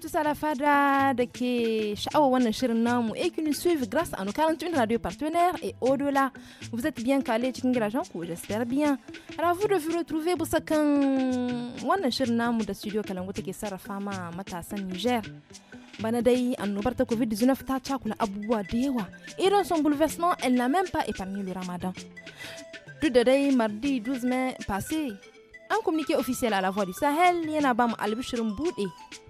tous à la fada de ke ah, oh, et qui nous suivent grâce à nos 41 radios partenaires et au-delà. Vous êtes bien calé, calés, j'espère bien. Alors vous devez retrouver pour wannan shirin namu da studio Kalangu take sarrafa ma matasan Niger. Bana dai annobar ta COVID-19 ta cakula abubuwa da Et dans son bouleversement, elle n'a même pas épargné le Ramadan. Tout de dai mardi 12 mai passé, un communiqué officiel à la voix du Sahel yana ba mu albishirin bude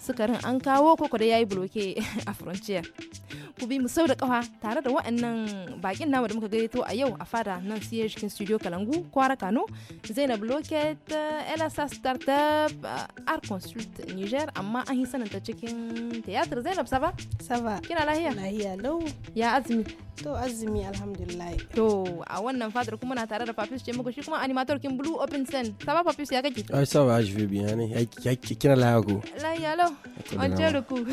sukarin an kawo ko da yayi bloke a frontier ku bi mu sau da kawa tare da wa'annan bakin namu da muka gayyato a yau a fada nan siya cikin studio kalangu kwara kano zainab loket eh, elasa startup eh, art consult niger amma an yi sananta cikin tiyatar zainab saba saba kina lahiya lahiya lau ya azumi to azumi alhamdulillah to a wannan fadar kuma na tare da papis ce muku shi kuma animator kin blue open sen saba papis ya kake ai saba je bien ne kina lahiya ko lahiya lau On Wancan Luku.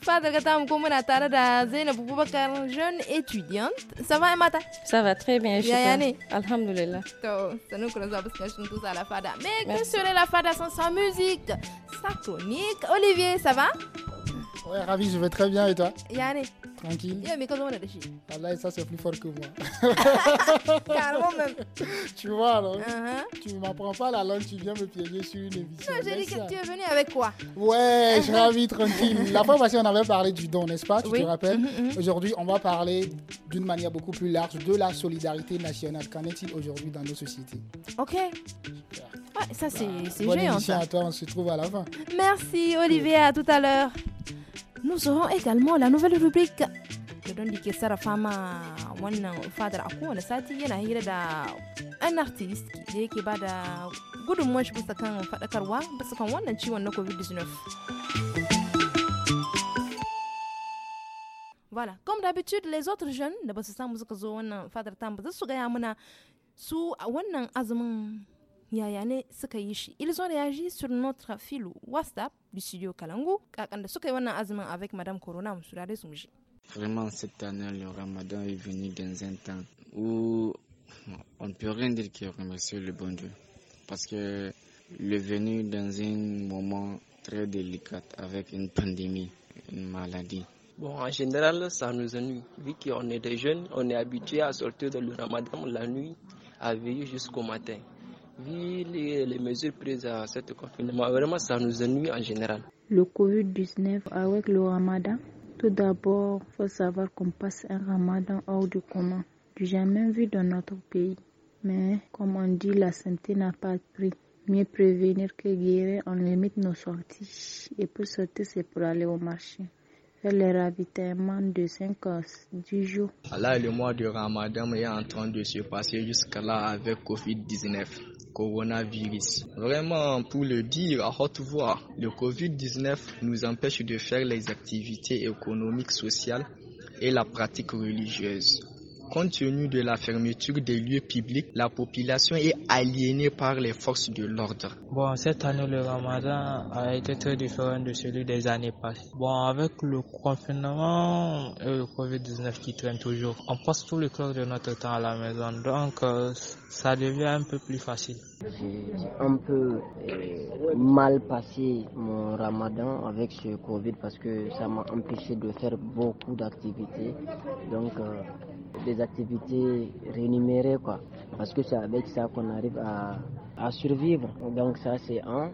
Fata Katam, comment la tara da Zainab Boubacar, jeune étudiante. Ça va, Emata Ça va très bien, je suis Alhamdulillah. Ça nous croise parce que nous tous à la Fada. Mais que serait la Fada sans musique Sa chronique. Olivier, ça va Ouais, ravi, je vais très bien et toi Yanné. Tranquille. Yeah, mais comment on a réussi filles Là, ça c'est plus fort que moi. Carrément même. Tu vois alors Tu uh-huh. ne Tu m'apprends pas la langue, tu viens me piéger sur une émission. Non, j'ai dit que tu es venu avec quoi Ouais, je suis uh-huh. ravi, tranquille. La fois on avait parlé du don, n'est-ce pas Tu te rappelles mm-hmm, mm-hmm. Aujourd'hui, on va parler d'une manière beaucoup plus large de la solidarité nationale. Qu'en est-il aujourd'hui dans nos sociétés Ok. Ah, ça, c'est bah, géant. Bonne émission à toi, on se trouve à la fin. Merci, Olivier, à tout à l'heure. Nous aurons également la nouvelle rubrique da don da ke sarrafa ma wannan fadar a kowane sati yana hira da an artist da yake ba da gudunmuwan shi bisa kan faɗakarwa bisa kan wannan ciwon na covid-19 Voilà, comme d'habitude, les autres jeunes da bossa, samu suka zo wannan fadar tamu za su gaya mana su a wannan azumin Yayane suka yi shi. Ils ont réagi sur notre fil WhatsApp du studio Kalangu avec madame Corona Vraiment cette année le Ramadan est venu dans un temps où on ne peut rien dire que remercier le bon Dieu parce que le venu dans un moment très délicat avec une pandémie, une maladie. Bon, en général, ça nous ennuie. Vu qu'on est des jeunes, on est habitué à sortir de le ramadan la nuit, à veiller jusqu'au matin les, mesures prises à cette confinement, vraiment ça nous ennuie en général. Le Covid-19 avec le ramadan, tout d'abord, il faut savoir qu'on passe un ramadan hors du commun, du jamais vu dans notre pays. Mais comme on dit, la santé n'a pas de prix. Mieux prévenir que guérir, on limite nos sorties. Et pour sortir, c'est pour aller au marché. Faire les ravitaillements de 5 10 jours. Là, le mois de Ramadan est en train de se passer jusqu'à là avec Covid-19 coronavirus. Vraiment, pour le dire à haute voix, le Covid-19 nous empêche de faire les activités économiques, sociales et la pratique religieuse. Compte tenu de la fermeture des lieux publics, la population est aliénée par les forces de l'ordre. Bon, cette année, le ramadan a été très différent de celui des années passées. Bon, avec le confinement et le Covid-19 qui traîne toujours, on passe tout le corps de notre temps à la maison, donc euh, ça devient un peu plus facile. J'ai un peu euh, mal passé mon ramadan avec ce Covid parce que ça m'a empêché de faire beaucoup d'activités. Donc, euh, des activités rémunérées, quoi. Parce que c'est avec ça qu'on arrive à, à survivre. Donc ça, c'est un.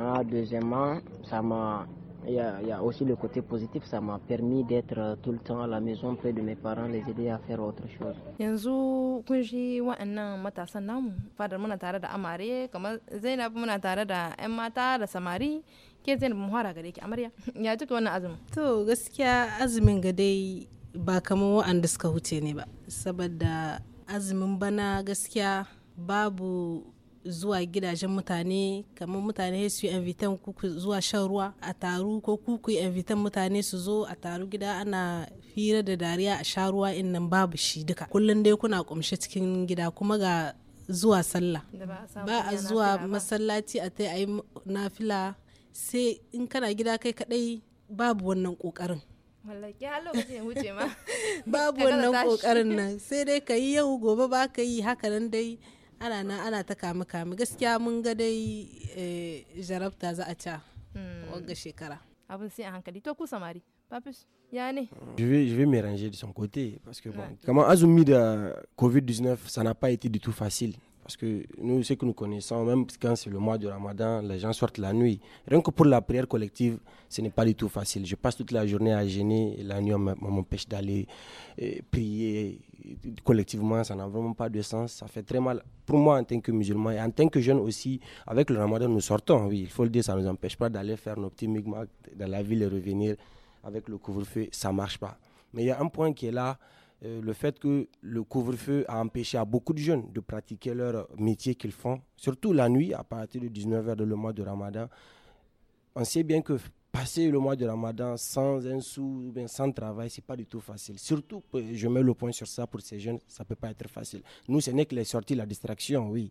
Ah, deuxièmement, ça m'a il y, a, il y, a, aussi le côté positif, ça m'a permis d'être tout le temps à la maison près de mes parents, les aider à faire autre chose. yanzu kun shi wa'annan matasan namu fadar muna tare da amare kamar zainab muna tare da 'yan mata da samari ke zainab muhara gare ki amarya ya cika wannan azumin to gaskiya azumin ga dai ba kamar wa'anda suka huce ne ba saboda azumin bana gaskiya babu zuwa gidajen mutane kamar mutane su yi invitan kuku zuwa shan ruwa a taru ko kuku yi invitan mutane su zo a taru gida ana hira da dariya a sha ruwa in nan babu shi duka kullum dai kuna kumshe cikin gida kuma ga zuwa sallah ba a zuwa masallaci a tai yi nafila sai in kana gida kai kadai babu wannan kokarin wallahi har lokacin wuce ma babu wannan kokarin nan sai dai ka yi yau gobe ba ka yi haka nan dai ana nan ana ta kame kame gaskiya mun ga dai eh, jarabta za a ca hmm. wagga shekara abin sai a hankali to ku samari papis ya ne je vais je vais me de son côté parce que bon ah. comment azumi da covid 19 ça n'a pas été du tout facile parce que nous, ce que nous connaissons, même quand c'est le mois du ramadan, les gens sortent la nuit. Rien que pour la prière collective, ce n'est pas du tout facile. Je passe toute la journée à gêner la nuit, on m'empêche d'aller euh, prier collectivement. Ça n'a vraiment pas de sens. Ça fait très mal pour moi en tant que musulman et en tant que jeune aussi. Avec le ramadan, nous sortons, oui, il faut le dire, ça ne nous empêche pas d'aller faire nos petits micmacs dans la ville et revenir avec le couvre-feu. Ça ne marche pas. Mais il y a un point qui est là. Euh, le fait que le couvre-feu a empêché à beaucoup de jeunes de pratiquer leur métier qu'ils font, surtout la nuit, à partir de 19h de le mois de Ramadan. On sait bien que passer le mois de Ramadan sans un sou, sans travail, c'est pas du tout facile. Surtout, euh, je mets le point sur ça pour ces jeunes, ça peut pas être facile. Nous, ce n'est que les sorties, la distraction, oui.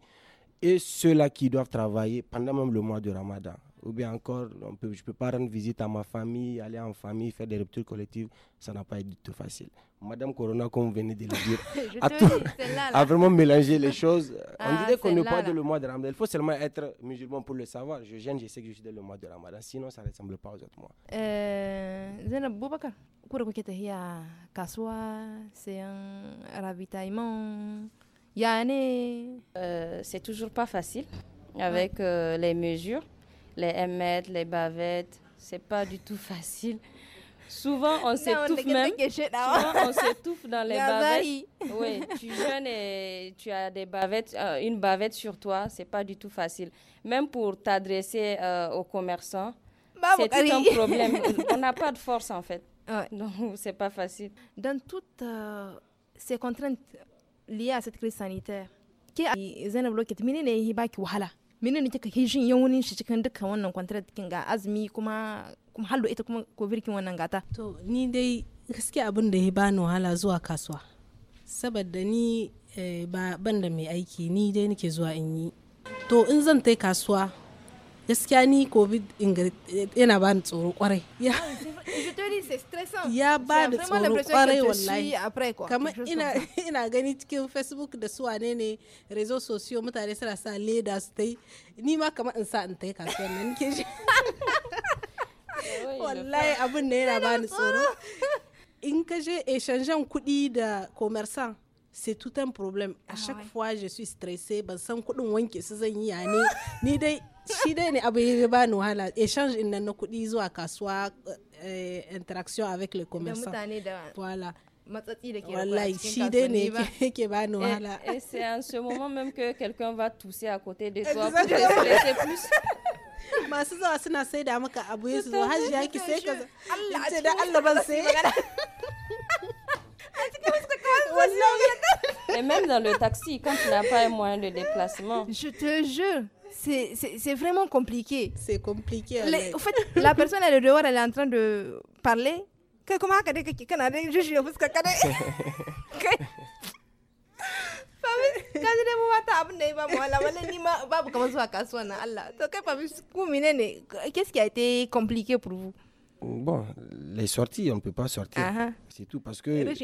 Et ceux-là qui doivent travailler pendant même le mois de Ramadan ou bien encore, je ne peux pas rendre visite à ma famille, aller en famille, faire des ruptures collectives, ça n'a pas été du tout facile. Madame Corona, comme vous venez de le dire, a, vraiment mélangé les choses. Ah, on dirait qu'on n'est pas dans le mois de Ramadan. Il faut seulement être musulman pour le savoir. Je gêne, je sais que je suis dans le mois de Ramadan. Sinon, ça ne ressemble pas aux autres mois. Euh, c'est un ravitaillement. Euh, c'est toujours pas facile avec euh, les mesures les émettes, les bavettes. C'est pas du tout facile. Souvent, on s'étouffe même. on s'étouffe dans les bavettes. Oui, tu jeune et tu as des bavettes, euh, une bavette sur toi, c'est pas du tout facile. Même pour t'adresser euh, aux commerçants, bah, c'est un problème. on n'a pas de force en fait. Ouais. Donc, c'est pas facile. Dans toutes euh, ces contraintes liées à cette crise sanitaire, qui est ne kika hijin yan wani shi cikin dukkan wannan contract kin ga azumi kuma kuma hallo ita kuma ko birkin wannan gata to ni dai gaskiya abin da ya bani wahala zuwa kasuwa saboda ni eh, ban da mai aiki ni dai nake zuwa in yi to in zan tai kasuwa gaskiya ni covid yana ba ni tsoro kwarai ya oh, ba wallahi kamar ina gani cikin facebook da ne su ni ma kamar in sa in ta yi shi wallahi abin ne yana ba tsoro in ka je eshanjan kuɗi da commerçant c'est tout un problème a ah, chaque fois je suis stressée ban san kuɗin wanke su zan ya ne ni dai shi dai ne abu ya bani wahala exchange in nan na kuɗi zuwa kasuwa eh, interaction avec le commerçant voilà matsatsi da ke wallahi shi dai ne yake bani eh, wahala et eh, c'est en ce moment même que quelqu'un va tousser à côté de toi pour te laisser plus masu zuwa suna sai da maka abu ya zuwa hajji ya ki sai ka Allah ce da Allah ban sai Et même dans le taxi, quand tu n'as pas un moyen de déplacement. Je te jure c'est vraiment compliqué. C'est compliqué. en fait, la personne, elle est dehors, elle est en train de parler. qu'est-ce qui a été compliqué pour vous Bon, les sorties, on ne peut pas sortir. Ah, ah. C'est tout parce que. Eh, euh, parce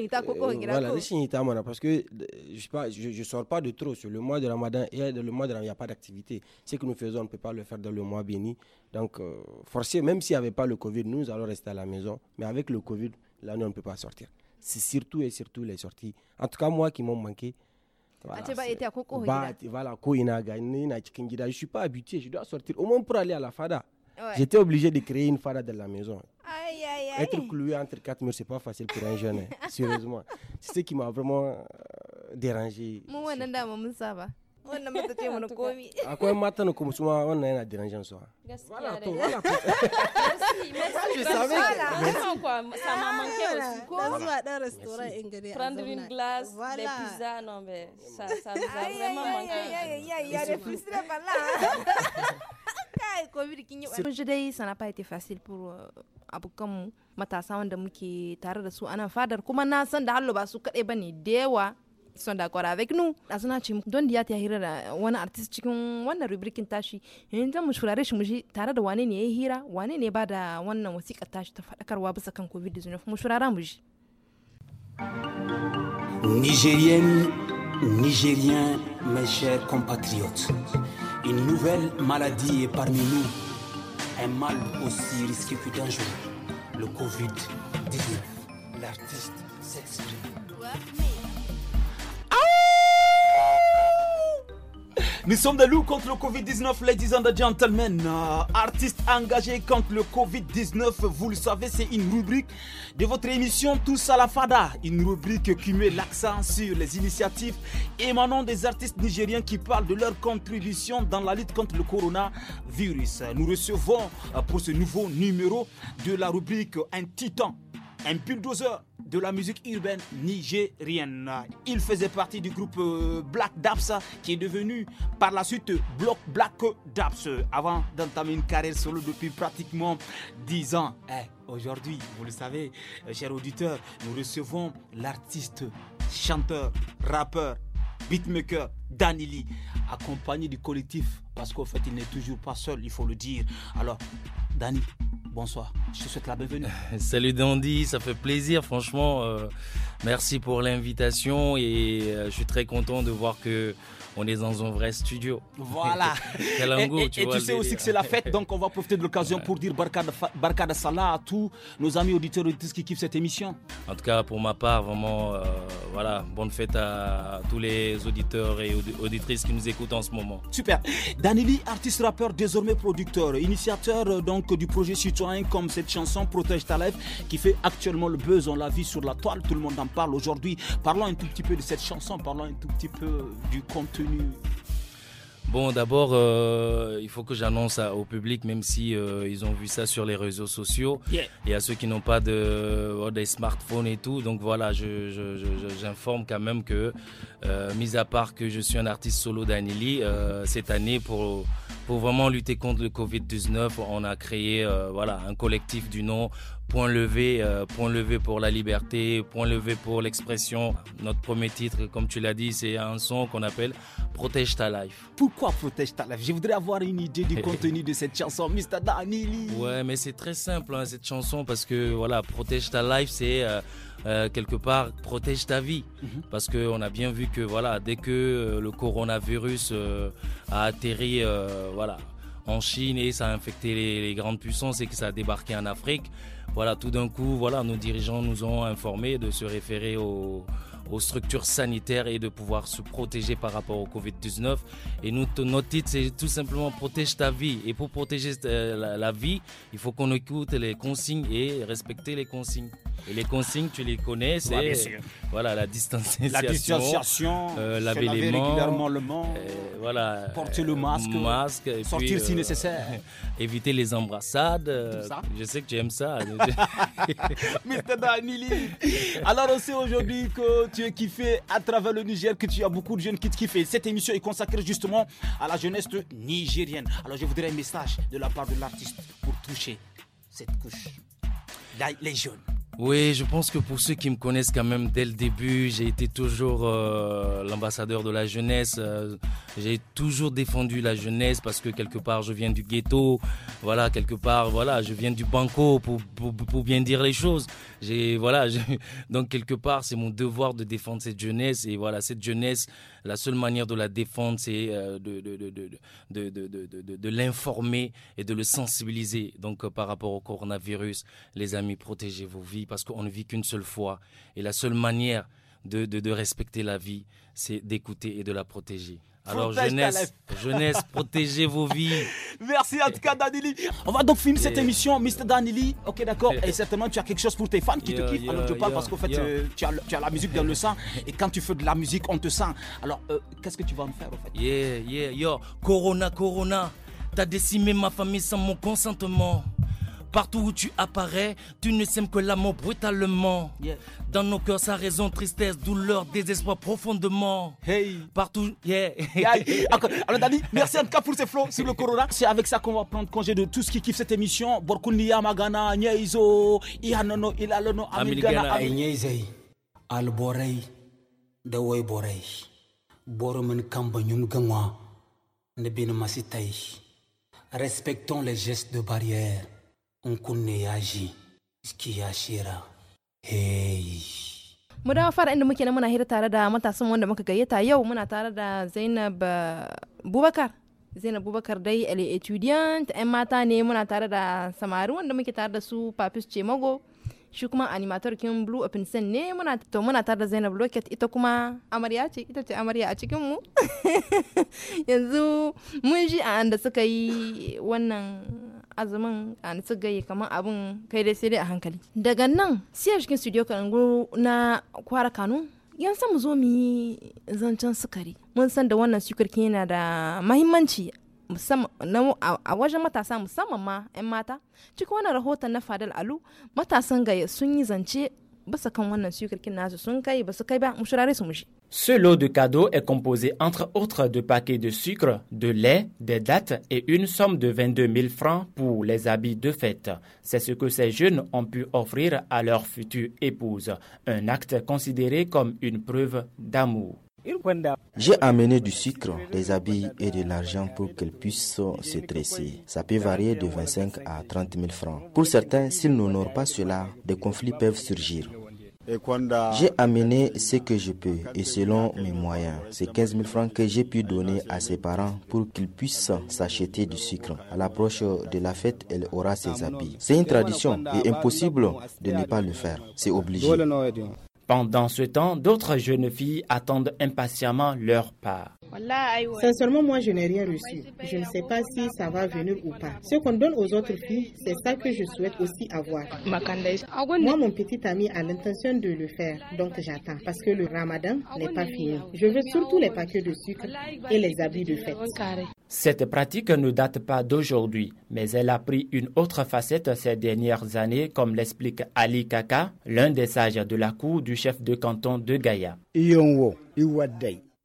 que euh, je ne sors pas de trop. Sur le mois de Ramadan, et euh, le mois de Ramadan, il n'y a pas d'activité. Ce que nous faisons, on ne peut pas le faire dans le mois béni. Donc, forcément, même s'il n'y avait pas le Covid, nous allons rester à la maison. Mais avec le Covid, là, nous, on ne peut pas sortir. C'est surtout et surtout les sorties. En tout cas, moi qui m'ont manqué, je ne suis pas habitué, je dois sortir au moins pour aller à la FADA. Ouais. J'étais obligé de créer une fada de la maison. Aïe, aïe, aïe. Être cloué entre quatre murs, c'est pas facile pour un jeune, hein. sérieusement. C'est ce qui m'a vraiment euh, dérangé. Moi, wannan mata ce mana komi akwai mata na kuma suma wannan yana diranjan su voilà to voilà je savais que quoi ça m'a ah, manqué aussi quoi zuwa dan restaurant in gari prendre une glace des pizzas non mais ça ça nous a vraiment manqué il y a des frustrés par là hein. covid kin yi n'a pas été facile pour uh, Mata sawan da muke tare da su anan fadar kuma na san da hallo ba su kadai bane da yawa son d'accord avec nous a suna ce don da ya ta hira da wani artist cikin wannan rubrikin tashi yanzu mu shurare shi mu ji tare wane ne hira wane ne ba da wannan wasiƙa tashi ta faɗakarwa bisa kan covid-19 mu shurara mu Nigérienne, Nigérien, mes chers compatriotes, une nouvelle maladie est parmi nous. Un mal aussi risqué que dangereux. Le Covid-19. L'artiste s'exprime. Nous sommes de loup contre le Covid-19, ladies and gentlemen. Euh, artistes engagés contre le Covid-19, vous le savez, c'est une rubrique de votre émission Tous à la Fada. Une rubrique qui met l'accent sur les initiatives émanant des artistes nigériens qui parlent de leur contribution dans la lutte contre le coronavirus. Nous recevons euh, pour ce nouveau numéro de la rubrique un titan un bulldozer de la musique urbaine nigérienne. Il faisait partie du groupe euh, Black Daps qui est devenu par la suite Block Black Daps avant d'entamer une carrière solo depuis pratiquement 10 ans. Eh, aujourd'hui, vous le savez, euh, chers auditeurs, nous recevons l'artiste, chanteur, rappeur, beatmaker Danili, accompagné du collectif, parce qu'en fait, il n'est toujours pas seul, il faut le dire. Alors, Danny. Bonsoir, je te souhaite la bienvenue. Salut Dandy, ça fait plaisir, franchement. Euh, merci pour l'invitation et euh, je suis très content de voir que on est dans un vrai studio. Voilà. et, tu, sais aussi que c'est la fête, donc on va profiter de l'occasion pour dire Barcade de Salah à tous nos amis auditeurs et auditrices qui kiffent cette émission. En tout cas, pour ma part, vraiment, euh, voilà, bonne fête à tous les auditeurs et auditrices qui nous écoutent en ce moment. Super. Danili, artiste rappeur, désormais producteur, initiateur donc du projet Situ comme cette chanson Protège ta lèvre qui fait actuellement le buzz, on l'a vie sur la toile, tout le monde en parle aujourd'hui. Parlons un tout petit peu de cette chanson, parlons un tout petit peu du contenu Bon, d'abord, euh, il faut que j'annonce au public, même si euh, ils ont vu ça sur les réseaux sociaux, et à ceux qui n'ont pas de oh, des smartphones et tout. Donc voilà, je, j'informe quand même que, euh, mis à part que je suis un artiste solo d'Anili cette année pour pour vraiment lutter contre le Covid-19, on a créé euh, voilà, un collectif du nom Point levé, euh, point levé pour la liberté, point levé pour l'expression. Notre premier titre, comme tu l'as dit, c'est un son qu'on appelle Protège ta life. Pourquoi Protège ta life Je voudrais avoir une idée du contenu de cette chanson, Mr. Danili. Ouais, mais c'est très simple hein, cette chanson parce que voilà, Protège ta life, c'est. Euh, euh, quelque part, protège ta vie. Mhm. Parce qu'on a bien vu que, voilà, dès que euh, le coronavirus euh, a atterri, voilà, en Chine et ça a infecté les, grandes puissances et que ça a débarqué en Afrique. Voilà, tout d'un coup, voilà, nos dirigeants nous ont informés de se référer aux, structures sanitaires et de pouvoir se protéger par rapport au Covid-19. Et nous, notre titre, c'est tout simplement protège ta vie. Et pour protéger la vie, il faut qu'on écoute les consignes et respecter les consignes. Et les consignes, tu les connais, c'est voilà la distanciation, la distanciation, euh, laver, régulièrement le euh, voilà, porter le euh, masque, sortir si nécessaire, éviter les embrassades. Je sais que tu aimes ça. Alors on sait aujourd'hui que tu es kiffé à travers le Niger, que tu as beaucoup de jeunes qui te kiffent. cette émission est consacrée justement à la jeunesse nigérienne. Alors je voudrais un message de la part de l'artiste pour toucher cette couche, les jeunes. Oui, je pense que pour ceux qui me connaissent quand même dès le début, j'ai été toujours euh, l'ambassadeur de la jeunesse. Euh, j'ai toujours défendu la jeunesse parce que quelque part je viens du ghetto, voilà quelque part voilà je viens du banco pour, bien dire les choses. J'ai voilà donc quelque part c'est mon devoir de défendre cette jeunesse et voilà cette jeunesse la seule manière de la défendre, c'est de, l'informer et de le sensibiliser. Donc, euh, par rapport au coronavirus, les amis, protégez vos vies parce qu'on ne vit qu'une seule fois. Et la seule manière de respecter la vie, c'est d'écouter et de la protéger. Alors jeunesse, jeunesse, protégez vos vies. Merci en tout cas Danili. On va donc finir cette émission, Mr Danili. Ok d'accord. Et certainement tu as quelque chose pour tes fans qui te kiffent. alors je parle parce qu'en fait euh, tu as, tu, as, la musique dans le sang et quand tu fais de la musique on te sent. Alors euh, qu'est-ce que tu vas me faire en fait Yeah yeah yo Corona Corona, t'as décimé ma famille sans mon consentement. Partout où tu apparais, tu ne sèmes que l'amour brutalement. Dans nos cœurs, sa raison, tristesse, douleur, désespoir profondément. Hey. Partout, yeah. Alors Dani, merci en tout cas pour ces flots sur le Corona. C'est avec ça qu'on va prendre congé de tous qui kiffent cette émission. Borkunia Magana, Nyeizo, Ianono, Ilalono, Amigana, Nyeizo, Alborei, Borei, Boromen Kamba Respectons les gestes de barrière. in kunne ya ji iski ya shera hey mu dawo fara inda muke na muna hira tare da matasan wanda muka gayyata yau muna tare da Zainab eh, Bubakar Zainab Bubakar dai elle student ɗan mata ne muna tare da samari wanda muke tare da su Papis Chemago shi kuma animator kin Blue Open sun ne muna to muna tare da Zainab locket ita kuma amarya ce ita ce amarya a cikin mu yanzu mun ji a anda suka yi wannan azumin a nasu gaye kamar abin kai dai sai dai a hankali daga nan sai a cikin studio kananguru na kwara kano yan san mu zo mu yi zancen sukari mun san da wannan sukarki yana da mahimmanci a wajen matasa musamman ma 'yan mata cikin wannan rahoton na fadal alu matasan gaya sun yi zance Ce lot de cadeaux est composé entre autres de paquets de sucre, de lait, des dates et une somme de 22 000 francs pour les habits de fête. C'est ce que ces jeunes ont pu offrir à leur future épouse, un acte considéré comme une preuve d'amour. J'ai amené du sucre, des habits et de l'argent pour qu'elles puissent se dresser. Ça peut varier de 25 à 30 000 francs. Pour certains, s'ils n'honorent pas cela, des conflits peuvent surgir. J'ai amené ce que je peux et selon mes moyens. C'est 15 000 francs que j'ai pu donner à ses parents pour qu'ils puissent s'acheter du sucre. À l'approche de la fête, elle aura ses habits. C'est une tradition et impossible de ne pas le faire. C'est obligé. Pendant ce temps, d'autres jeunes filles attendent impatiemment leur part. Sincèrement, moi, je n'ai rien reçu. Je ne sais pas si ça va venir ou pas. Ce qu'on donne aux autres filles, c'est ça que je souhaite aussi avoir. Moi, mon petit ami a l'intention de le faire, donc j'attends, parce que le ramadan n'est pas fini. Je veux surtout les paquets de sucre et les habits de fête. Cette pratique ne date pas d'aujourd'hui, mais elle a pris une autre facette ces dernières années, comme l'explique Ali Kaka, l'un des sages de la cour du chef de canton de Gaïa.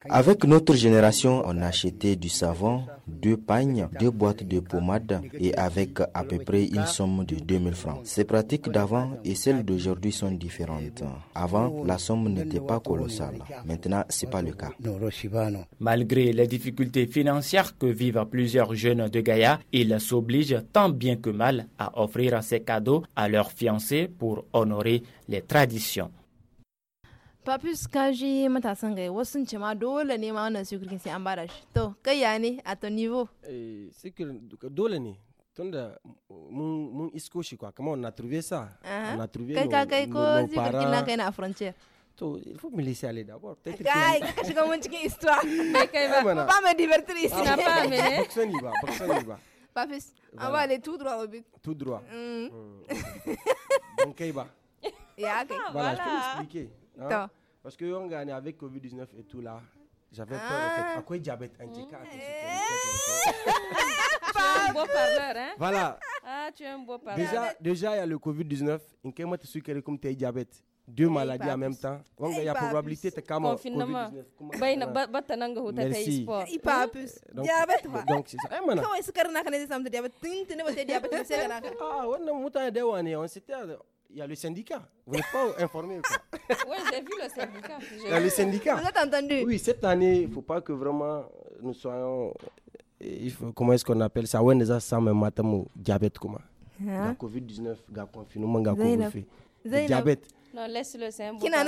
Avec notre génération, on achetait du savon, deux pagnes, deux boîtes de pommade et avec à peu près une somme de 2000 francs. Ces pratiques d'avant et celles d'aujourd'hui sont différentes. Avant, la somme n'était pas colossale. Maintenant, ce n'est pas le cas. Malgré les difficultés financières que vivent plusieurs jeunes de Gaïa, ils s'obligent tant bien que mal à offrir ces cadeaux à leurs fiancés pour honorer les traditions papis Kaji matasange j'ai gai dole ne ma to ne a to eh dole ne a trouvé ça on a trouvé kai ka kai ko sikirkin na kai to il faut me laisser aller d'abord peut-être kai ka shiga mun cikin histoire kai ba me divertir ici na me ne on va aller tout droit au but tout droit mm. mm. ba ya voilà Hein? Parce que on gagne avec Covid-19 et tout là. J'avais peur en fait. À quoi diabète un Tu es un beau parleur, hein? Voilà. Ah, tu es un beau parleur. Déjà, déjà il y a le Covid-19. Il y a suis comme tu es diabète. Deux maladies en même temps. Donc, il y a probabilité que tu aies Confinement. Merci. Il pas à Diabète, quoi. Donc, c'est ça. Comment est-ce que tu as un diabète? Tu as un diabète. Ah, on s'était il y a le syndicat. Vous n'êtes pas informé. oui, j'ai vu le syndicat. le syndicat. Vous êtes entendu Oui, cette année, il ne faut pas que vraiment nous soyons. Eh, comment est-ce qu'on appelle ça Ouais, diabète, La hein? Covid-19, le confinement, le Covid, le diabète. Non, laisse-le, c'est un beau. c'est un un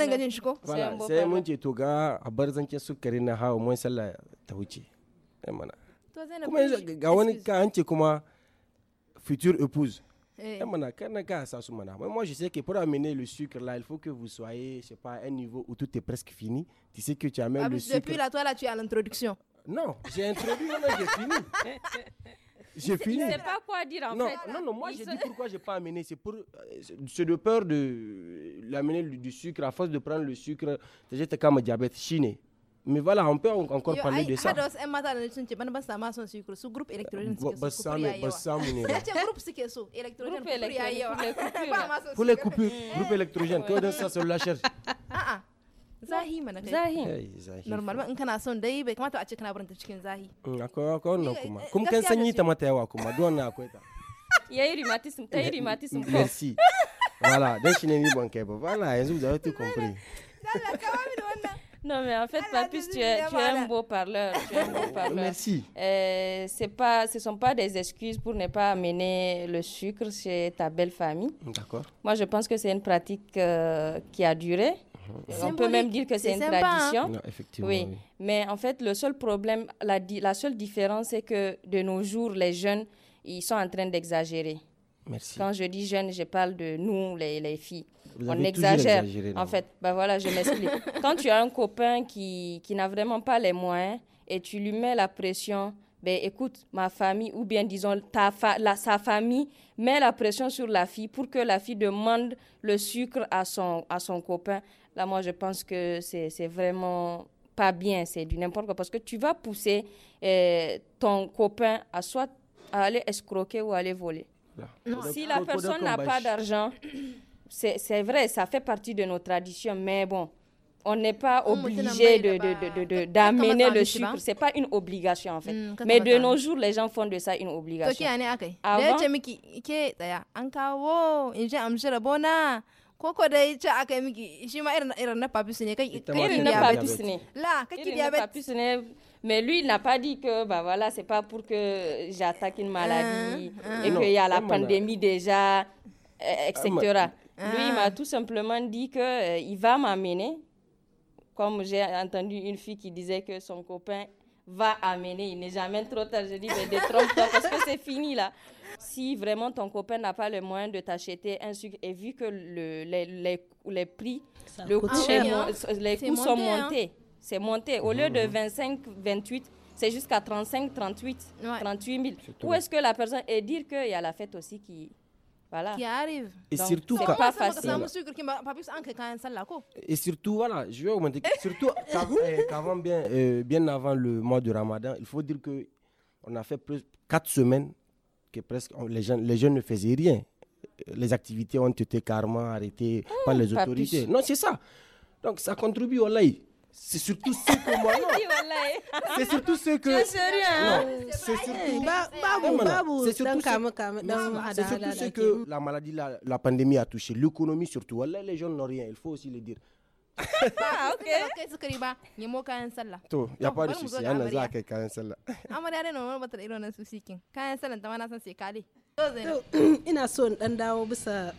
au moins là C'est eh, Comment est-ce que, future épouse eh. Eh, moi, je sais que pour amener le sucre, là, il faut que vous soyez, je sais pas, à un niveau où tout est presque fini. Tu sais que tu amènes ah, le sucre. Depuis là, toi, là, tu as à l'introduction. Non, j'ai introduit, non, j'ai fini. J'ai fini. Je sais pas quoi dire en non, fait. Non, non, moi j'ai dit pourquoi j'ai pas amené. C'est pour, euh, c'est de peur de l'amener du, sucre. À force de prendre le sucre, j'étais comme un diabète chiné mais voilà on peut encore parler de ça eh, groupe électrogène pour les coupures groupe électrogène que ça la cherche ah, ah. zahi mana kai Zahim. Normalement in kana son dai kamata a ce kana zahi kan sanyi ta mata yawa kuma akwai ta yayi voilà voilà tout compris non, mais en fait, Papus, tu es, tu un beau parleur. Merci. Euh, pas, ce ne sont pas des excuses pour ne pas amener le sucre chez ta belle famille. D'accord. Moi, je pense que c'est une pratique euh, qui a duré. Mhm. On peut même dire que c'est une hein. tradition. Non, effectivement, oui. Mais en fait, le seul problème, la, la seule différence, c'est que de nos jours, les jeunes, ils sont en train d'exagérer. Merci. Quand je dis jeunes, je parle de nous, les filles on exagère. en fait, ben voilà, je m'explique. Quand tu as un copain qui, n'a vraiment pas les moyens et tu lui mets la pression, ben écoute, ma famille, ou bien disons ta sa famille, met la pression sur la fille pour que la fille demande le sucre à son, à son copain. Là, moi, je pense que c'est vraiment pas bien, c'est du n'importe quoi, parce que tu vas pousser euh, ton copain à soit aller escroquer ou aller voler. Si la personne n'a pas d'argent, c'est vrai, ça fait partie de nos traditions, mais bon, on n'est pas hum, obligé de, d'amener le sucre. n'est pas une obligation en fait. Hum, mais de nos jours, les gens font de ça une obligation. mais lui il n'a pas dit que bah voilà c'est pas pour que j'attaque une maladie hein, hein. et qu'il y a la pandémie déjà etc. Lui, il m'a ah. tout simplement dit qu'il euh, il va m'amener. Comme j'ai entendu une fille qui disait que son copain va amener, il n'est jamais trop tard. Je dit, mais détrompe-toi parce que c'est fini là. Si vraiment ton copain n'a pas le moyen de t'acheter un sucre et vu que le, les, les, les, prix, le hein. les coûts sont hein. montés, c'est monté. Au lieu de 25, ah. 28, c'est jusqu'à 35, 38, 38 000. Où est-ce que la personne. Et dire qu'il y a la fête aussi qui, voilà. qui arrive. Et surtout, Et surtout, voilà, je vais vous montrer. Eh, surtout, avant, bien, euh, bien avant le mois du Ramadan, il faut dire que on a fait plus quatre semaines que presque les, jeunes, les jeunes ne faisaient rien. Euh, les activités ont été carrément arrêtées oh, par les autorités. Non, c'est ça. Donc, ça contribue au laï c'est surtout ce que moi eh. c'est surtout ce que c'est surtout Bah, bah, bah, c'est ah, surtout ce que la maladie la, pandémie a touché l'économie surtout les gens n'ont rien il faut aussi le dire ah, Ok, ok kai suka riba nemo kayan sallah to ya fara su sai ana za kai kayan sallah amma da rena mun bata irin nan su sikin kayan sallah ta ma na san sai kare ina so in dan dawo bisa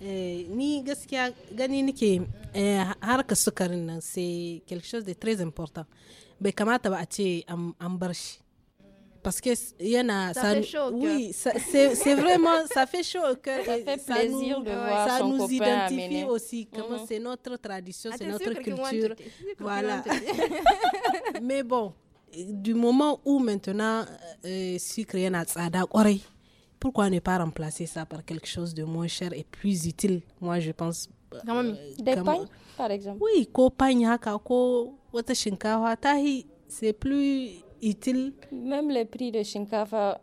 eh, ni gaskiya gani nake eh, harka sukarin nan sai quelque chose de très important bai kamata ba a ce an bar shi parce que yana ça, ça fait chaud oui c'est vraiment ça fait chaud au cœur ça fait plaisir de voir ça nous identifie aussi comment mhm. c'est notre tradition c'est ah, notre culture voilà mais bon du moment où maintenant si euh, sucre yana tsada kwarai pourquoi ne pas remplacer ça par quelque chose de moins cher et plus utile Moi, je pense. Euh, des comme... par exemple. Oui, tahi, c'est plus utile. Même les prix de shinkafa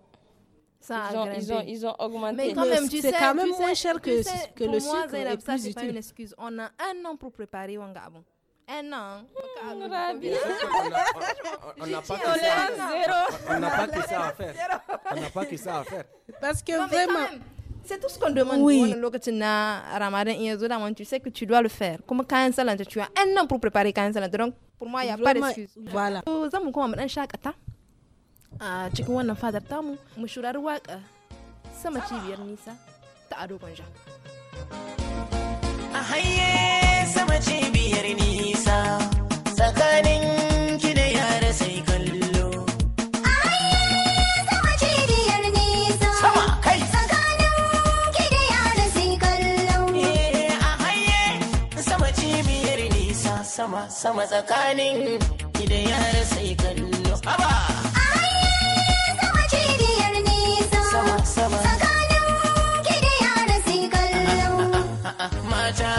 ils, ont, augmenté. c'est quand même moins cher que, le sucre. c'est pas une excuse. On a un an pour préparer Wangabon. Eh, un mm, an. On n'a pas, que ça à faire. On n'a pas que ça à faire. Parce que vraiment. C'est tout ce qu'on demande. Oui. tu sais que tu dois le faire. Comme quand tu as un an pour préparer quand Donc, pour moi, il n'y a pas d'excuse. Voilà. Ah, euh, a sama sama tsakanin idan yara sai kallo aba sama cibiyar nisa sama sama tsakanin ki da yara sai kallo mata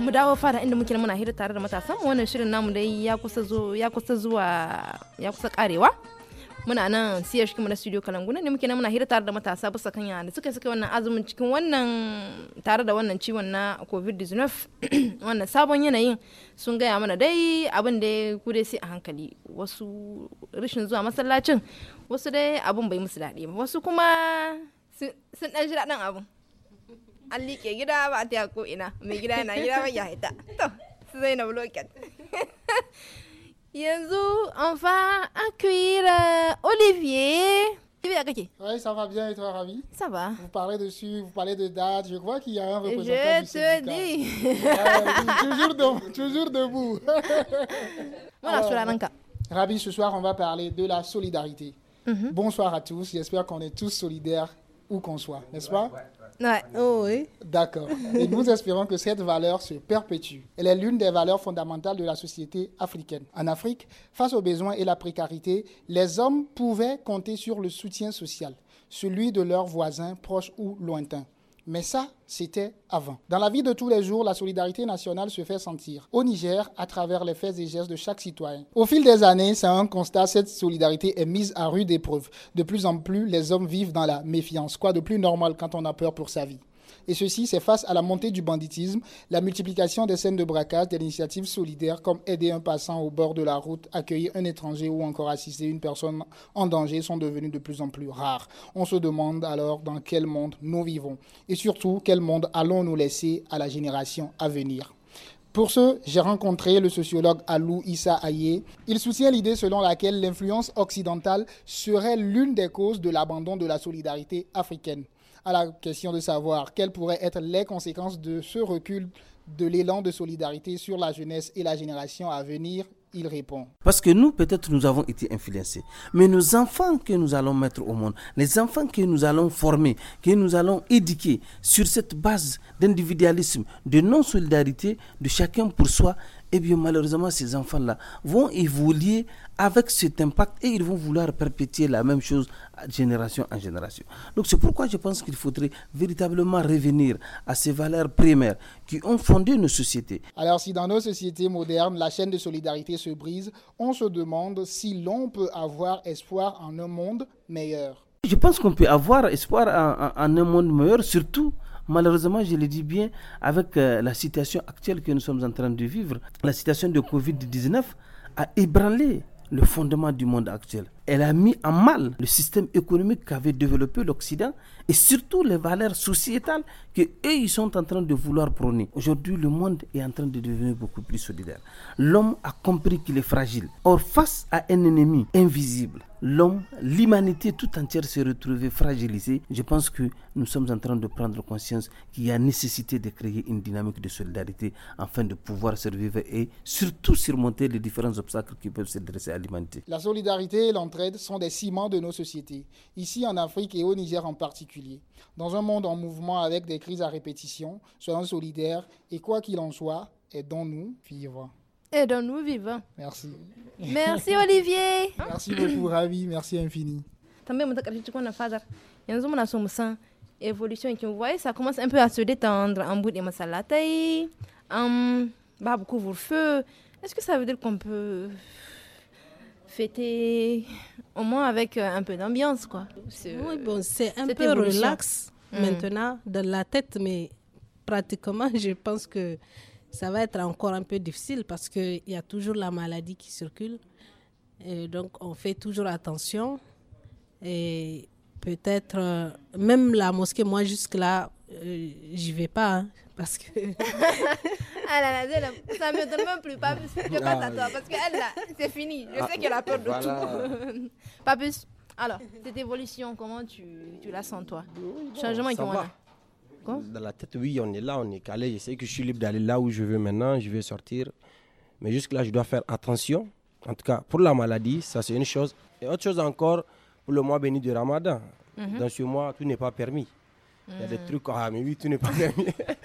mu dawo fara inda muke muna hira tare da matasan wannan shirin namu dai ya kusa zuwa ya kusa karewa muna nan siyar shi na studio kalanguna ne muke nan muna hira tare da matasa bisa kan yana da suka suka wannan azumin cikin wannan tare da wannan ciwon na covid-19 wannan sabon yanayin sun gaya mana dai abin da ku dai sai a hankali wasu rashin zuwa masallacin wasu dai abin bai musu daɗi ba wasu kuma sun ɗan ji daɗin abin Allez, liƙe gida ba a ina to accueillir euh, Olivier Oui, ça va bien et toi, Ravi Ça va. Vous parlez dessus, vous parlez de dates. Je vois qu'il y a un représentant. Je te dis. toujours, de, toujours debout. voilà, sur la manca. Ravi, ce soir, on va parler de la solidarité. Mhm. Bonsoir à tous. J'espère qu'on est tous solidaires où qu'on soit, n'est-ce pas ah, oh, oui. D'accord. Et nous espérons que cette valeur se perpétue. Elle est l'une des valeurs fondamentales de la société africaine. En Afrique, face aux besoins et la précarité, les hommes pouvaient compter sur le soutien social, celui de leurs voisins proches ou lointains. Mais ça, c'était avant. Dans la vie de tous les jours, la solidarité nationale se fait sentir. Au Niger, à travers les faits et gestes de chaque citoyen. Au fil des années, c'est un constat, cette solidarité est mise à rude épreuve. De plus en plus, les hommes vivent dans la méfiance. Quoi de plus normal quand on a peur pour sa vie et ceci, c'est face à la montée du banditisme, la multiplication des scènes de braquage, des initiatives solidaires comme aider un passant au bord de la route, accueillir un étranger ou encore assister une personne en danger sont devenues de plus en plus rares. On se demande alors dans quel monde nous vivons et surtout quel monde allons-nous laisser à la génération à venir. Pour ce, j'ai rencontré le sociologue Alou Issa Aye. Il soutient l'idée selon laquelle l'influence occidentale serait l'une des causes de l'abandon de la solidarité africaine à la question de savoir quelles pourraient être les conséquences de ce recul de l'élan de solidarité sur la jeunesse et la génération à venir il répond. Parce que nous, peut-être, nous avons été influencés. Mais nos enfants que nous allons mettre au monde, les enfants que nous allons former, que nous allons éduquer sur cette base d'individualisme, de non-solidarité, de chacun pour soi, et bien malheureusement ces enfants-là vont évoluer avec cet impact et ils vont vouloir perpétuer la même chose de génération en génération. Donc c'est pourquoi je pense qu'il faudrait véritablement revenir à ces valeurs primaires qui ont fondé nos sociétés. Alors si dans nos sociétés modernes la chaîne de solidarité se brise, on se demande si l'on peut avoir espoir en un monde meilleur. Je pense qu'on peut avoir espoir en un monde meilleur, surtout Malheureusement, je le dis bien, avec euh, la situation actuelle que nous sommes en train de vivre, la situation de Covid-19 a ébranlé le fondement du monde actuel. Elle a mis en mal le système économique qu'avait développé l'Occident et surtout les valeurs sociétales que eux ils sont en train de vouloir prôner. Aujourd'hui, le monde est en train de devenir beaucoup plus solidaire. L'homme a compris qu'il est fragile. Or, face à un ennemi invisible, l'homme, l'humanité tout entière se retrouvée fragilisée, je pense que nous sommes en train de prendre conscience qu'il y a nécessité de créer une dynamique de solidarité afin de pouvoir survivre et surtout surmonter les différents obstacles qui peuvent se dresser à l'humanité. La solidarité et l'entraide sont des ciments de nos sociétés, ici en Afrique et au Niger en particulier. Dans un monde en mouvement avec des crises à répétition, soyons solidaires et quoi qu'il en soit, aidons-nous vivre. Et nous vivant. Merci. Merci Olivier. Merci beaucoup Ravi, merci infini. évolution muito vous so évolution voyez ça commence un peu à se détendre en bout de masalatai. Um, vous le feu Est-ce que ça veut dire qu'on peut fêter au moins avec euh, un peu d'ambiance quoi. Euh, oui bon, c'est un peu relax mm. maintenant dans la tête mais pratiquement je pense que ça va être encore un peu difficile parce qu'il y a toujours la maladie qui circule. donc, on fait toujours attention. Et peut-être, euh, même la mosquée, moi, jusque-là, euh, j'y vais pas. Hein, parce que. ah là là, ça me donne même plus. Pas plus. Je passe à ah, toi. Parce qu'elle, là, c'est fini. Je ah, sais qu'elle a peur de tout. pas plus. Alors, cette évolution, comment tu, tu la sens, toi oui, bon, Changement, comment dans la tête, oui, on est là, on est calé. Je sais que je suis libre d'aller là où je veux maintenant, je vais sortir. Mais jusque-là, je dois faire attention. En tout cas, pour la maladie, ça c'est une chose. Et autre chose encore, pour le mois béni du Ramadan, mhm. dans ce mois, tout n'est pas permis. Il y a des mhm. trucs, ah mais oui, tout n'est pas permis.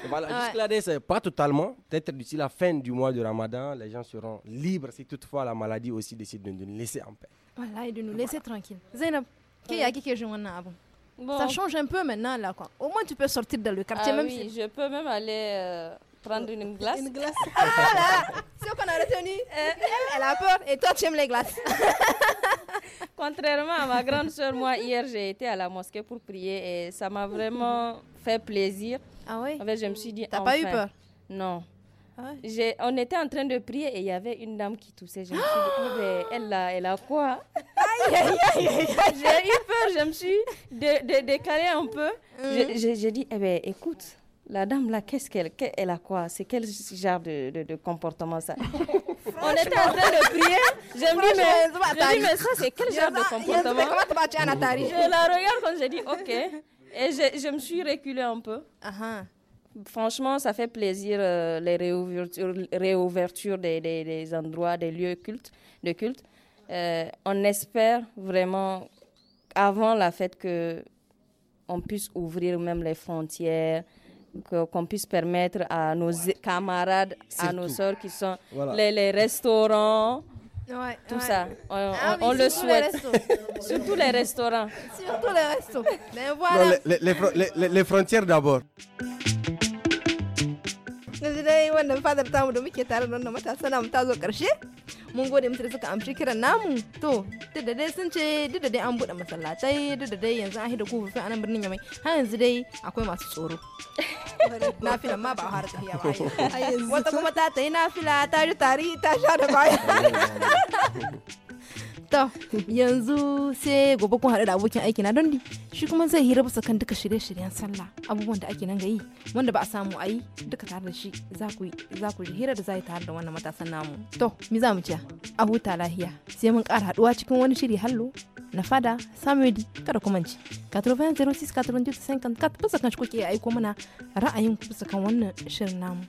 jusque-là, c'est pas totalement. Peut-être d'ici la fin du mois du Ramadan, les gens seront libres si toutefois la maladie aussi décide de nous laisser en paix. Voilà, et de nous laisser tranquille. tranquilles. Zainab, y a que je ça change un peu maintenant, là, quoi. Au moins, tu peux sortir dans le quartier, ah, même oui, je peux même aller euh, prendre une glace. Une glace Ah là C'est ce qu'on a retenu. Elle, a peur et toi, tu aimes les glaces. Contrairement à ma grande soeur, moi, hier, j'ai été à la mosquée pour prier et ça m'a vraiment fait plaisir. Ah oui En fait, je me suis dit. T'as pas eu peur Non. Ah on était en train de prier et il y avait une dame qui toussait. Je me suis dit, oh, ben, elle, a, elle a quoi j'ai eu peur, je me suis décalée un peu. J'ai mm. dit, eh ben, écoute, la dame là, qu'est-ce qu'elle elle a quoi C'est quel genre de, comportement ça On était en train de prier. Je me dis, mais, mais, ça, c'est quel genre de comportement Je la regarde quand j'ai dit, ok. Et je, je, me suis reculée un peu. Uh-huh. Franchement, ça fait plaisir euh, les réouvertures, réouvertures des, des, endroits, des lieux cultes, de culte. Euh, on espère vraiment, avant la fête, on puisse ouvrir même les frontières, qu'on puisse permettre à nos camarades, à nos sœurs qui sont les, restaurants. tout ça, on, ah le souhaite. surtout les restaurants. Surtout les restaurants. les frontières d'abord. dai wannan fadar tamu da muke tare da wannan matasa namu ta zo karshe mun gode musu da suka amshi kiran namu to duk da dai sun ce duk da dai an buɗe masallatai duk da dai yanzu an hida kofofin anan birnin yamai har yanzu dai akwai masu tsoro na fila ma ba a har tafiya ba wata kuma ta tayi na fila ta ji tari ta sha da baya To, yanzu sai gobe kun haɗu da abokin aiki na dondi. Shi kuma zai hira bisa kan duka shirye-shiryen sallah, abubuwan da ake nan ga yi, wanda ba a samu a yi duka tare da shi za ku hira da za yi tare da wannan matasan namu. To, mi za mu ce? A huta lahiya. Sai mun ƙara haɗuwa cikin wani shiri hallo na fada Samuel kada ku mance. 80 06 bisa kan shi kuke aiko mana ra'ayin ku bisa kan wannan shirin namu.